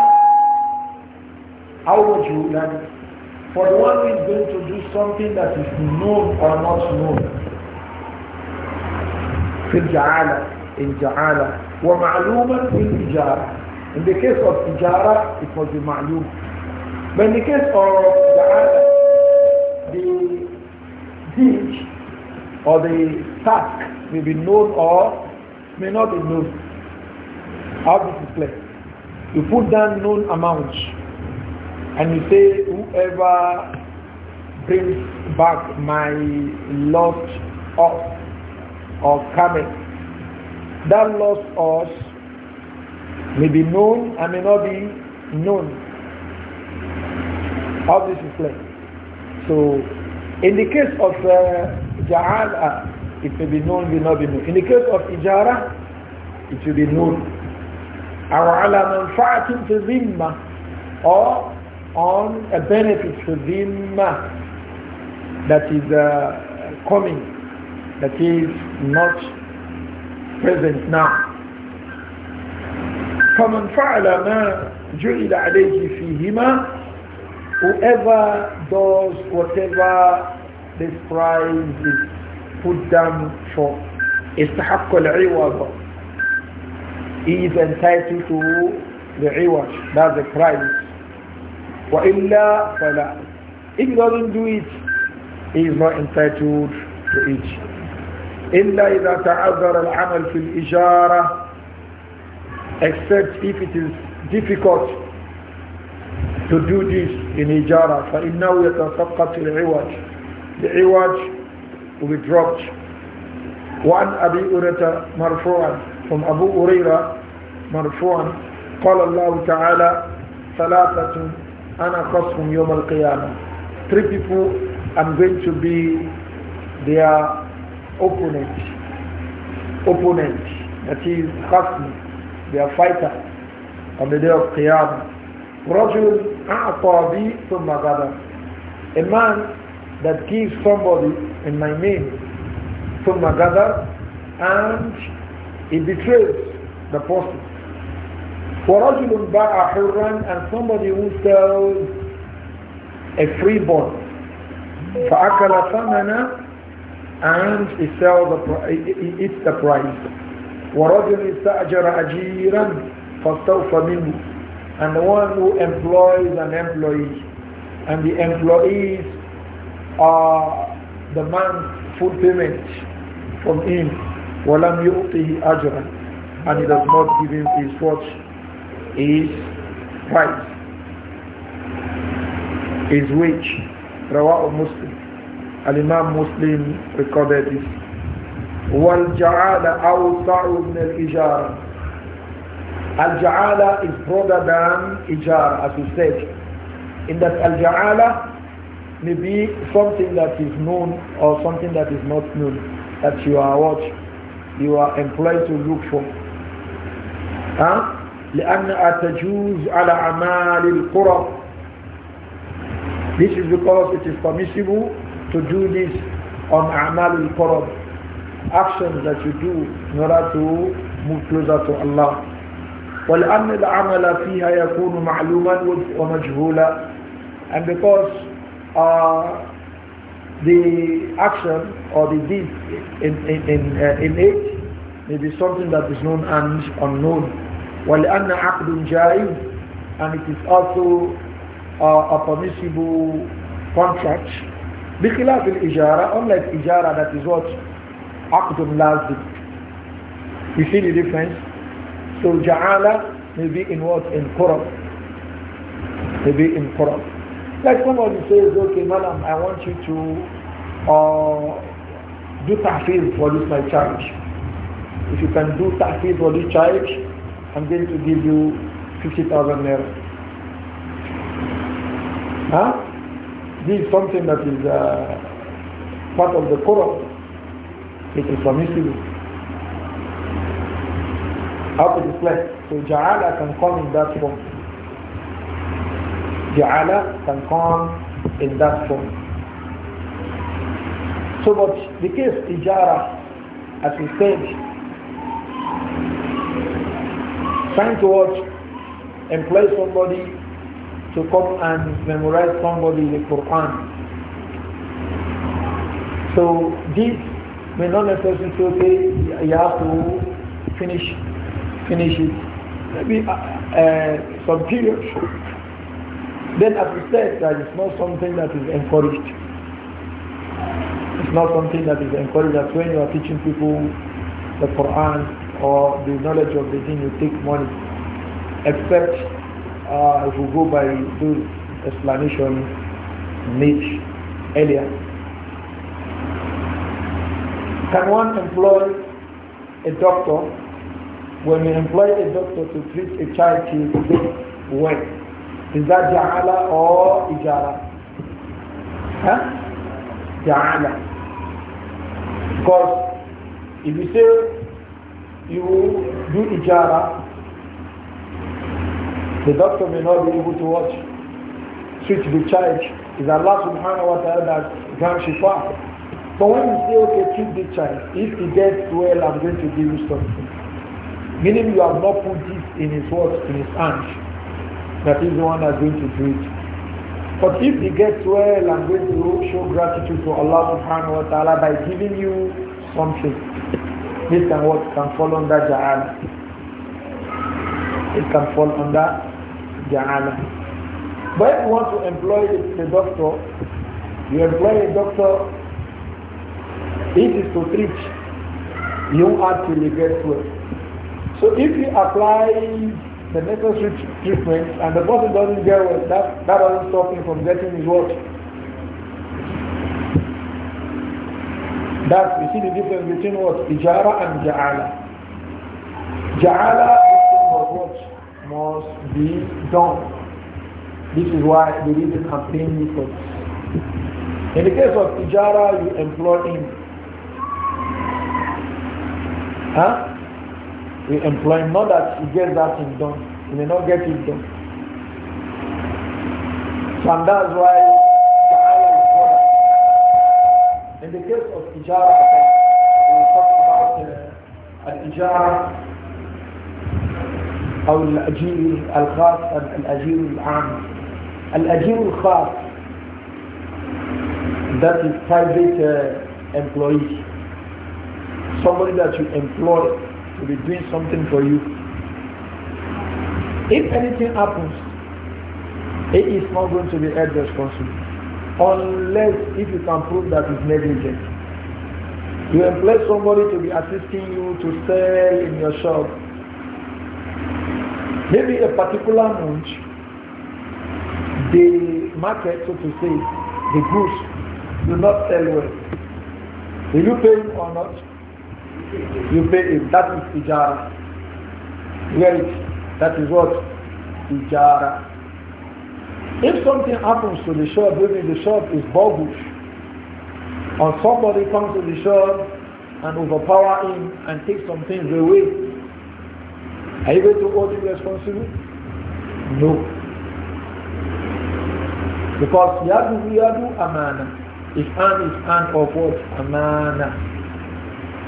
أو مجهولا for the one who is going to do something that is known or not known في الجعالة الجعالة ومعلوما في الإجارة in the case of إجارة it was معلوم but in the case of جعالة or the task may be known or may not be known. How this is played. You put down known amounts and you say whoever brings back my lot of or coming that lot or may be known and may not be known. How this is played. So in the case of uh, uh it may be known, will not be known. In the case of Ijara, it will be known. Or ala manfa'atin fi dhimma, or on a benefit for dhimma that is uh, coming, that is not present now. فمن فعل ما جعل عليه فيهما whoever does whatever this prize is put down for استحق he is entitled to the reward that's the prize if he doesn't do it he is not entitled to it إلا إذا تعذر العمل في الإجارة except if it is difficult to do this in Ijara. فَإِنَّهُ يَتَسَقَّطِ الْعِوَجِ The iwaj will be dropped. One أَبِي Urata مَرْفُوعًا From Abu Uraira مرفوعا قال الله تعالى ثلاثة أنا خصم يوم القيامة Three people I'm going to be their opponent opponent that is They their fighter on the day of Qiyamah رجل أعطى بي ثم غدر a man that gives somebody in my name ثم غدر and he betrays the person ورجل باع حرا and somebody who sells a freeborn فأكل ثمنه and he sells the he eats the price ورجل استأجر أجيرا فاستوفى منه and the one who employs an employee and the employees are the man's full payment from him وَلَمْ يُؤْتِهِ أَجْرًا and he does not give him his what his price his wage رواه Muslim Imam Muslim recorded this والجعال أوسع al الإجارة Al-Ja'ala is broader than Ijar, as we said. In that Al-Ja'ala may be something that is known or something that is not known, that you are what you are employed to look for. Huh? لأنها تجوز على أعمال القرى This is because it is permissible to do this on أعمال القرى actions that you do in order to move closer to Allah الْعَمَلَ فِيهَا يَكُونُ مَعْلُومًا وَمَجْهُولًا And because uh, the action or the deed in, in, in, uh, in it may be something that is known and unknown. وَلِأَنَّ عَقْدٌ جَائِزٌ And it is also uh, a permissible contract. بخلاف الإجارة unlike إجارة that is what عقد لازم. You see the difference? So Ja'ala may be in what? In Quran. Maybe in Quran. Like somebody says, okay, madam, I want you to uh, do tahfiz for this my charge. If you can do tahfiz for this charge, I'm going to give you 50,000 naira. Huh? This is something that is uh, part of the Quran. It is permissible. How to display? So Ja'ala can come in that form. Ja'ala can come in that form. So but the case Ijara, as we said, trying to watch, employ somebody to come and memorize somebody the Quran. So this may not necessarily say, you have to finish finish it. Maybe uh, uh, some period. Then as we said, that it's not something that is encouraged. It's not something that is encouraged that when you are teaching people the Quran or the knowledge of the thing, you take money. Except uh, if we go by those explanation made earlier. Can one employ a doctor when we employ a doctor to treat a child, he is sick well. Is that ja'ala or ijara? Huh? Ja'ala. Because if you say you do ijara, the doctor may not be able to watch, treat the child. Is Allah subhanahu wa ta'ala that grants shifa. But when you say, okay, treat the child, if he gets well, I'm going to give you something. Meaning you have not put this in his heart, in his hand. That is the one that's going to do it. But if he gets well, I'm going to show gratitude to Allah subhanahu wa ta'ala by giving you something. This can what can fall under Ja'ala. It can fall under Ja'ala. But if you want to employ the doctor, you employ a doctor, it is to treat you until to get well. So if you apply the necessary treatment and the person doesn't get well, that, that doesn't stop him from getting his what? That you see the difference between what? Ijara and Ja'ala. Ja'ala is what must be done. This is why we need the campaign methods. In the case of Ijara, you employ him. Huh? we employ Not that he gets that thing done. He may not get it done. and that's why In the case of Ijara we will talk about uh, Al-Ijara أو al الخاص الأجير العام al الخاص that is private uh, employee somebody that you employ to be doing something for you. If anything happens, it is not going to be held responsible unless if you can prove that it's negligent. You employ somebody to be assisting you to sell in your shop. Maybe a particular month, the market, so to say, the goods do not sell well. Will you pay him or not? You pay it. That is ijara. Hear it. That is what? Ijara. If something happens to the shop, maybe the shop is bogus, or somebody comes to the shop and overpower him and take some things away, are you going to hold him responsible? No. Because yadu yadu amana. If hand is hand of what? Amana.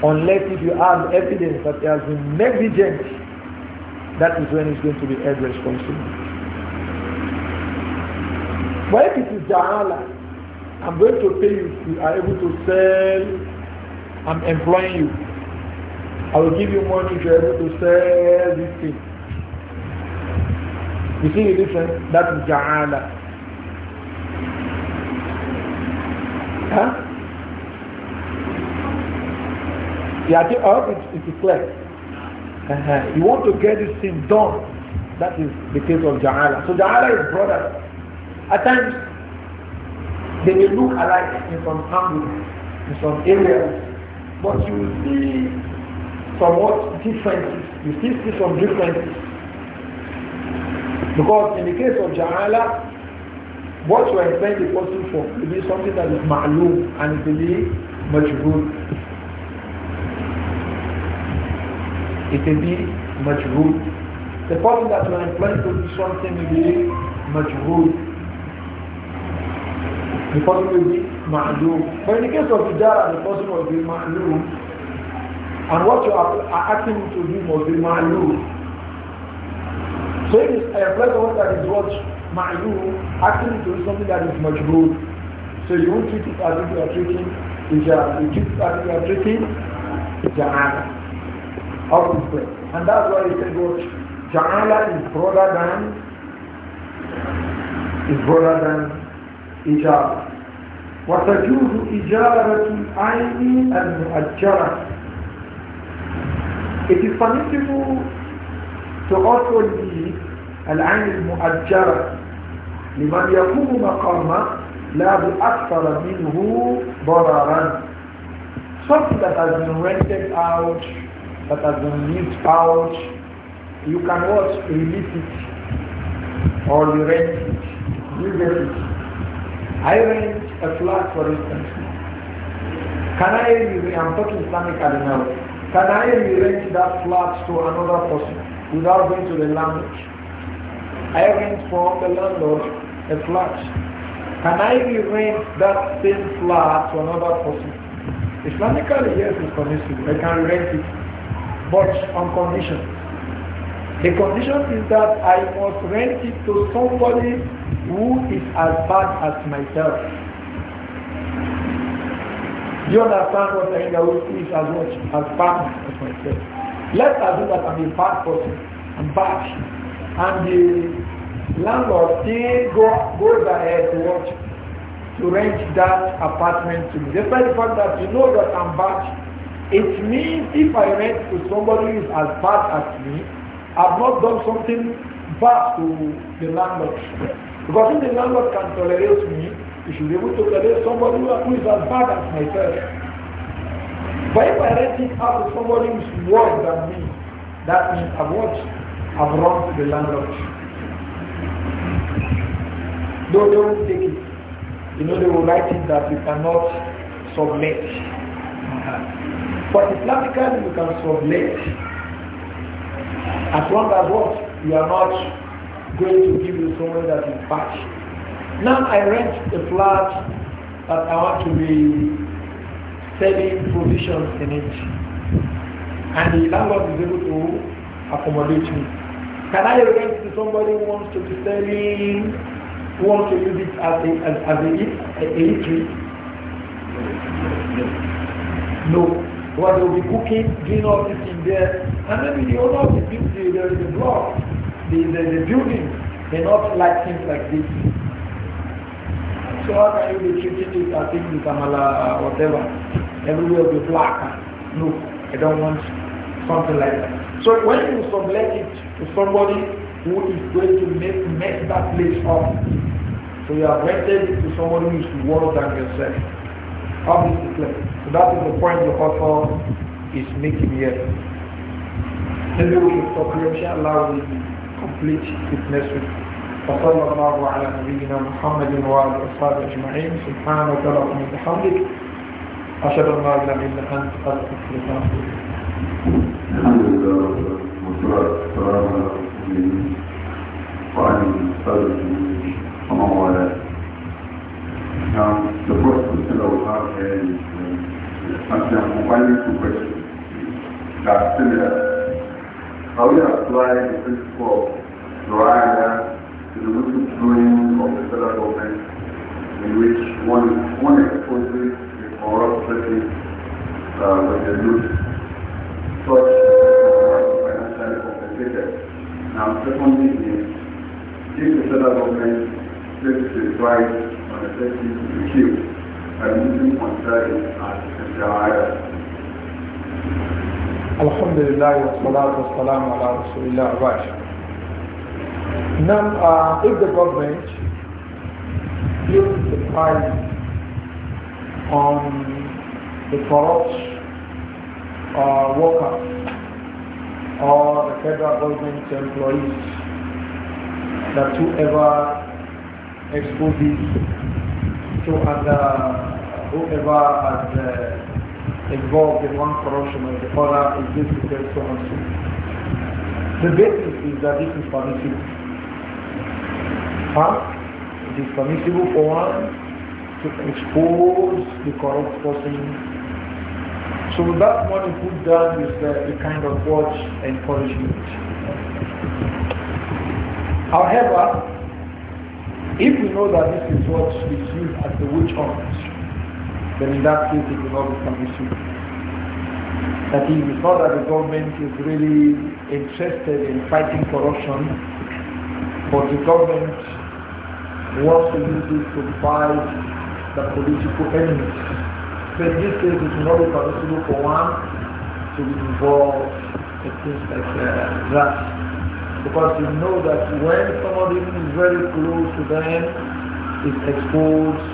Unless if you have evidence that he has been negligent, that is when he's going to be held responsible. But if it is Jahala, I'm going to pay you if you are able to sell, I'm employing you. I will give you money if you're able to sell this thing. You see the difference? That is Jahala. Huh? The idea of it is clear. Uh -huh. You want to get this thing done. That is the case of Ja'ala. So Ja'ala is brothers. At times, they may look alike in some angles, in some areas, but you will see somewhat differences. You still see some differences. Because in the case of Ja'ala, what you are employing the person for will be something that is ma'lum and it will be good. it will be good. The person that you are employing to do something will be good. The person will be ma'lum. But in the case of idara, the person will be ma'lum. And what you are, are asking him to do must be ma'lum. So if I apply someone that is what ma'lum, asking him to do something that is good. So you won't treat it as if you are treating hijab. You treat it as if you are treating jahannam of his prayer. And that's why he said what Ja'ala is broader than is broader than Ijara. What a Jew who Ijab. وتجوز إجارة العين المؤجرة. It is permissible to also leave العين المؤجرة لمن يقوم مقامه لا بأكثر منه ضررا. Something that has been rented out that has been leased out, you can Release it or you rent it. You get it. I rent a flat for instance. Can I, I'm talking Islamic now, can I rent that flat to another person without going to the landlord? I rent from the landlord a flat. Can I rent that same flat to another person? Islamically, yes, it's permissible. I can rent it but on condition. The condition is that I must rent it to somebody who is as bad as myself. Do you understand what I mean? Who is as much as bad as myself? Let's assume that I'm a bad person. I'm bad. And the landlord still go, goes ahead to watch to rent that apartment to me. Despite the fact that you know that I'm bad it means if I rent to somebody who is as bad as me, I've not done something bad to the landlord. Because if the landlord can tolerate me, he should be able to tolerate somebody who is as bad as myself. But if I rent it out to somebody who is worse than me, that means I've what? I've wronged the landlord. No, they won't take it. You know, they will write it that you cannot submit. But Islamically, you can it. As long as what? You are not going to give you somewhere that is patch. Now I rent a flat that I want to be selling provisions in it. And the landlord is able to accommodate me. Can I rent to somebody who wants to be selling, who wants to use it as a, as, as a, a, a No. What they'll be cooking, doing all this in there. And maybe the owner of the, the, the, the block, the, the, the building, they not like things like this. So how can you be treating it as if it's amala or uh, whatever? Everywhere will be black. No, I don't want something like that. So when you sublet it to somebody who is going to make, mess that place up, so you have rented it to somebody who is worse than yourself. How is it so that is the point the author is making here. Maybe we should stop here, inshallah, we complete it next week. وصلى الله على نبينا محمد وعلى اصحابه اجمعين سبحانك اللهم وبحمدك اشهد ان لا اله الا انت استغفرك الحمد لله والصلاه والسلام على رسول الله وعلى اصحابه ومن والاه Now, the first question that we have is Madam, only two questions that are similar. How do you apply the principle of to the recent ruling of the federal government in which one, one exposes uh, the corrupt practice uh, with the youth, such financially compensated. Now, secondly is, if the federal government takes its right on the safety to be killed, Alhamdulillah wassalatu wassalamu ala rasulillah abash. Now, uh, if the government gives the price on the corrupt uh, workers or the federal government employees that whoever these so uh, whoever has uh, involved in one corruption or the other is this to tell so and so. The basis is that this is permissible. Huh? It is permissible for one to expose the corrupt person. So that money put down is uh, kind of watch encouragement. However, if we know that this is what is used as the witch hunt, then in that case it will not become issue. That is, it's not that the government is really interested in fighting corruption, but the government wants to use it to fight the political enemies. But in this case, it is not possible permissible for one to be involved in things like uh, that. Because you know that when somebody is very close to them, it's exposed,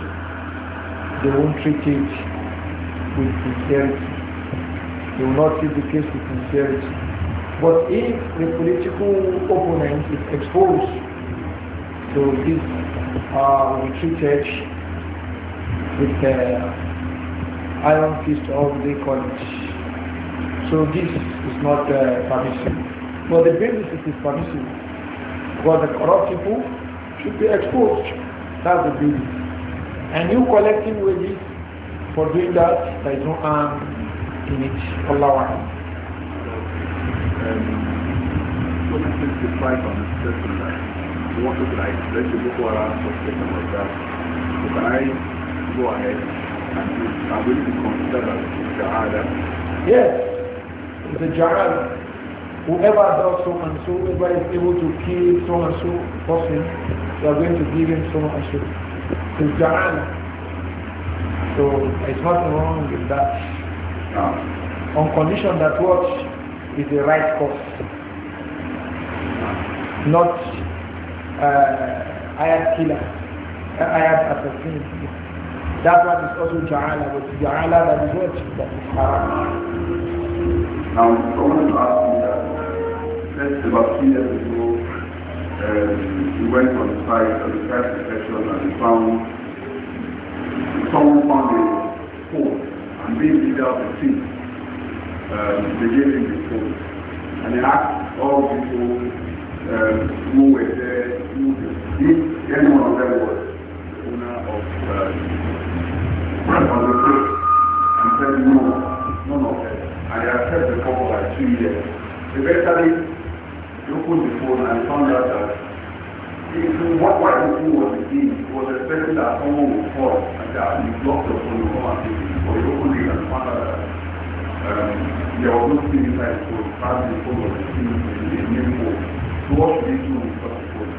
they won't treat it with sincerity. They will not treat the case with sincerity. But if the political opponent is exposed, so this uh, will be treated with uh, iron fist of the call So this is not uh, permissible. For the basis it is permissible. For the corrupt people should be exposed. That's the basis. And you collecting wages for doing that, there is no harm in it. Allah um, what is the price on this person that you want to like, let's say Boko Haram or something like that, so can I go ahead and I'm willing to consider that it's a jihad? Yes, it's a jihad whoever does so and so, whoever is able to kill so and so person, we are going to give him so and so. To jahana, So it's not wrong with that. On condition that what is the right cost, Not uh, ayat killer, I uh, ayat assassin. That one is also jahana. but Ja'ala that is what? That is haram. Now, then about two years ago, um, we went on the site of the first protection and we found someone found a phone and being without the team. Um, they gave him the phone and they asked all the people um, who were there, who if any one of them was the owner of uh, the phone and said no, none of them. And they accepted the couple like two years. Eventually, you opened the phone and found out that what, what the phone was doing was expecting that someone would call and that you blocked the phone to come and take it. But you opened it and found out that um, there was no thing inside the phone. the phone was the thing new phone. So what should you do with such a phone?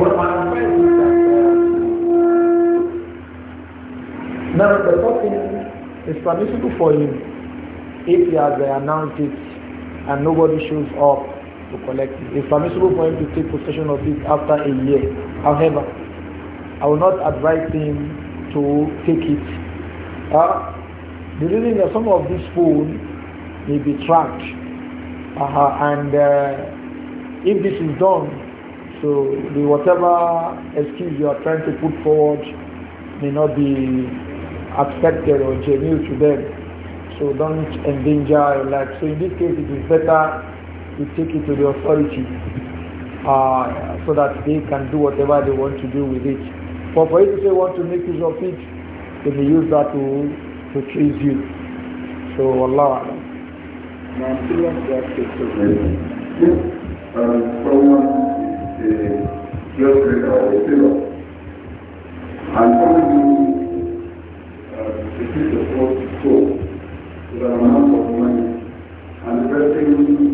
What my friend is that uh, now the person is permissible for him if he has announced it and nobody shows up to collect It's permissible for him to take possession of it after a year. However, I will not advise him to take it. Uh, the reason that some of this food may be tracked uh and uh, if this is done, so the whatever excuse you are trying to put forward may not be accepted or genuine to them. So don't endanger your life. So in this case, it is better we take it to the authority uh, so that they can do whatever they want to do with it. But for you to say want to make use of it, they may use that to, to treat you. So Allah. Now, from uh, is uh, just or a pillar, and someone uh, is a piece of so that amount of money, and the thing.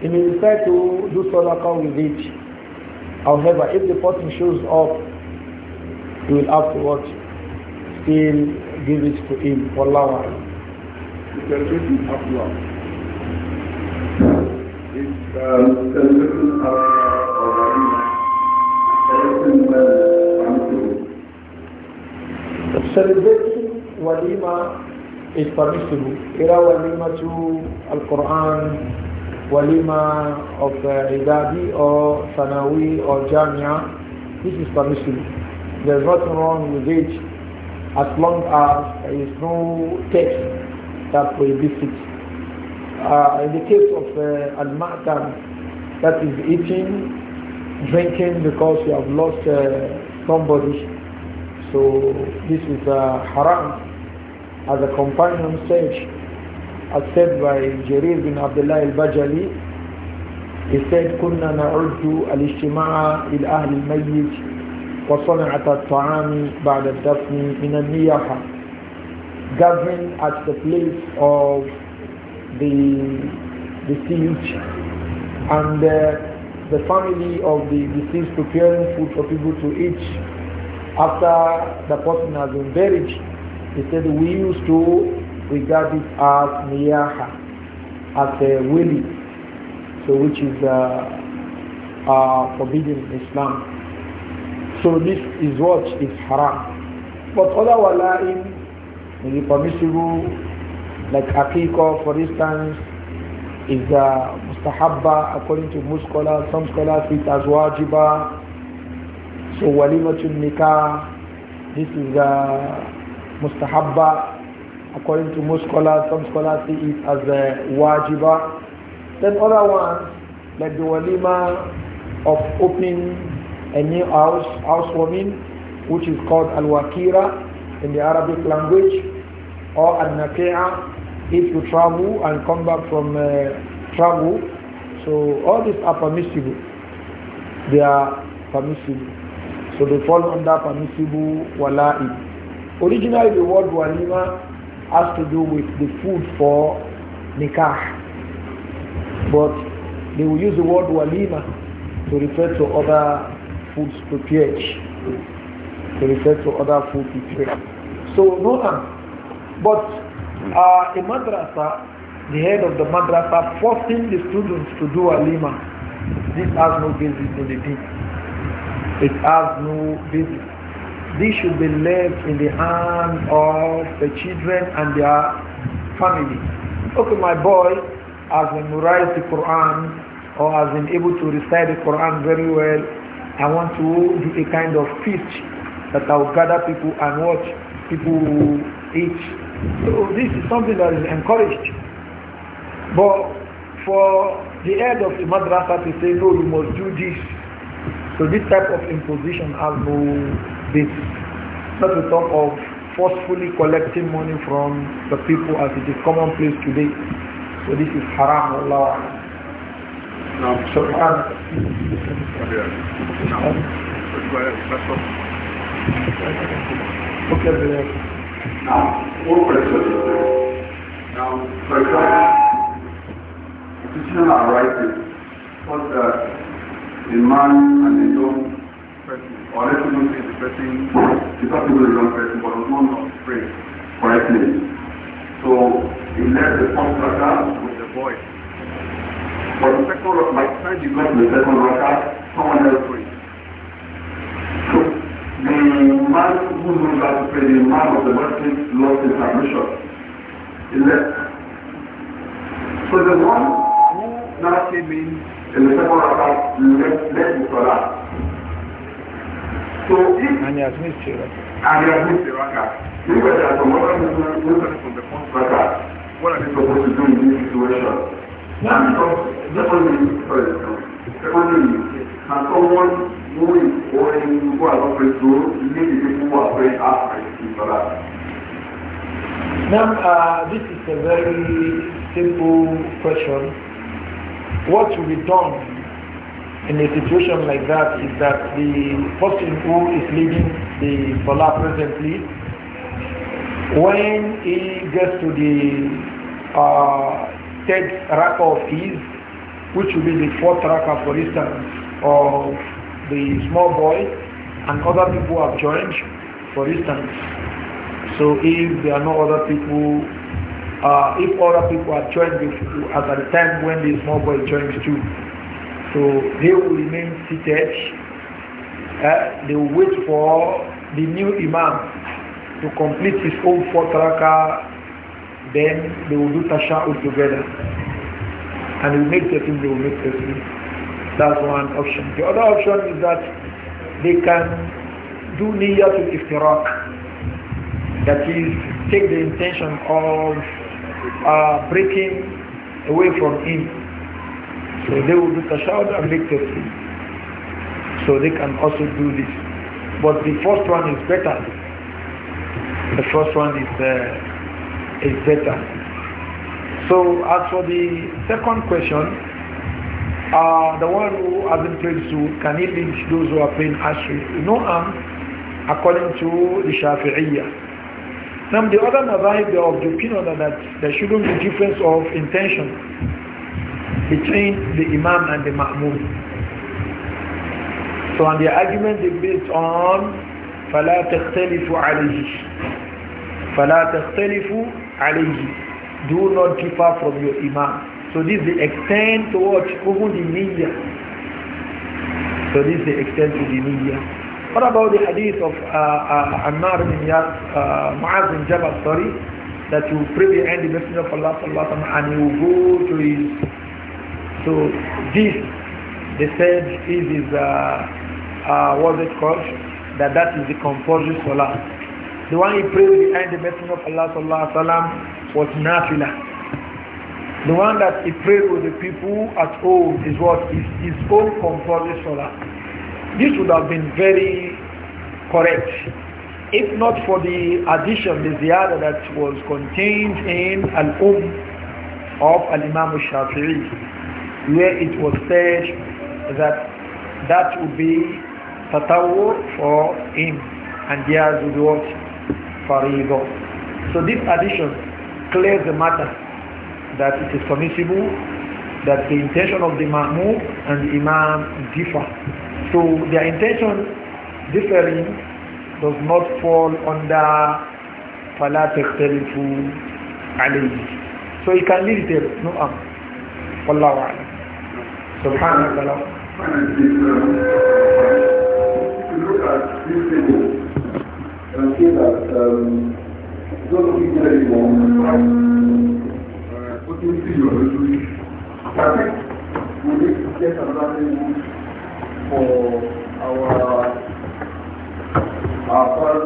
He may decide to do sadaqah with it. However, if the person shows up, he will afterwards still give it to him. for a'lam. Celebrating Allah. It's uh, uh, Walima. is permissible. Era Walima to Al-Quran walima of uh, Idadi or Sanawi or Jamia, this is permissible. There's nothing wrong with it as long as there is no text that prohibits it. Uh, in the case of uh, Al-Ma'tan, that is eating, drinking because you have lost uh, somebody, so this is uh, haram. As a companion stage as said by Jarir bin Abdullah al-Bajali, he said, كنا نعد الاجتماع إلى أهل الميت وصنعة الطعام بعد الدفن من النياحة Gathering at the place of the deceased and uh, the family of the deceased preparing food for people to eat after the person has been buried. He said, we used to regarded as niyaha, as a willy, so which is uh, uh, forbidden in Islam. So this is what is haram. But other wala'in may be permissible, like akiko for instance, is uh, mustahabba according to most scholars, some scholars it as wajiba. So walimatun nikah, this is uh, mustahabba according to most scholars, some scholars see it as a wajiba. Then other ones, like the walima of opening a new house, housewarming, which is called al-wakira in the Arabic language, or al-naqi'a if you travel and come back from uh, travel. So all these are permissible. They are permissible. So they fall under permissible wala'i. Originally the word walima has to do with the food for nikah. But they will use the word walima to refer to other foods prepared. To refer to other food prepared. So no harm. But uh, a madrasa, the head of the madrasa forcing the students to do walima, this has no basis in the deen. It has no basis this should be left in the hands of the children and their family. Okay, my boy has memorized the Quran or has been able to recite the Quran very well. I want to do a kind of feast that I will gather people and watch people eat. So this is something that is encouraged. But for the head of the madrasa to say, no, you must do this. So this type of imposition has no this. Not to talk of forcefully collecting money from the people as it is commonplace today. So this is haram, Allah. No. So, uh, yeah. Okay. Now, what question Now, for example, institutional rights is what the, the uh, man and his woman or let people think the person, the person was the wrong person, but was not praying correctly. So he left the first raka with the boy. But the second raka, by the time he got the second raka, someone else prayed. So the man who knew how to pray, the man of the blessing, lost his ambition. He left. So the one who now came in in the second raka left, left the salah. So if, and he has missed a And he has missed the rakah. If there are some other movement from the first rakah, what are they supposed to do in this situation? Yeah. because, not only, sorry, secondly, can someone who is praying, who are not praying to, lead the people who are praying after the salah? Now, uh, this is a very simple question. What should be done in a situation like that is that the person who is leading the salah presently, when he gets to the uh, third rack of his, which will be the fourth rakah for instance, of the small boy, and other people have joined, for instance. So if there are no other people, uh, if other people are joined at the time when the small boy joins too, so they will remain seated. Uh, they will wait for the new Imam to complete his own fourth rakah. Then they will do tashahud together. And we make the thing, they will make the thing. That's one option. The other option is that they can do niyyah to iftiraq. That is, take the intention of uh, breaking away from him so they will do tashahud and make tasbih. So they can also do this. But the first one is better. The first one is, uh, is better. So as for the second question, uh, the one who hasn't prayed Zuhr, can he lead those who are praying Asri? No harm, um, according to the Shafi'iyah. Now the other Mazahib, they are of the opinion that there shouldn't be difference of intention between the Imam and the Ma'mun. So on the argument is based on فلا تختلف عليه فلا تختلف عليه do not differ from your imam so this is the extent to what even the media so this is the extent to the media what about the hadith of uh, uh, Ammar bin Yas uh, Muaz bin Jabal sorry that you pray behind the messenger of Allah Allah and you go to his so this, they said, is uh, uh, what it called? That that is the compulsory salah. The one he prayed behind the Messenger of Allah sallallahu alaihi wasallam was nafila. The one that he prayed with the people at home is what is his own compulsory salah. This would have been very correct if not for the addition, the ziyada that was contained in Al-Umm of Al-Imam al-Shafi'i where it was said that that would be tatawur for him and theirs would for what? Farigo. So this addition clears the matter that it is permissible that the intention of the ma'mu and the imam differ. So their intention differing does not fall under فَلَا تَخْتَلِفُوا عَلَيْهِ So you can leave there, no Um, والله أعلم سبحانك اللهم those people that you want to fight, uh, what do you see your history? I think we need to get another for our our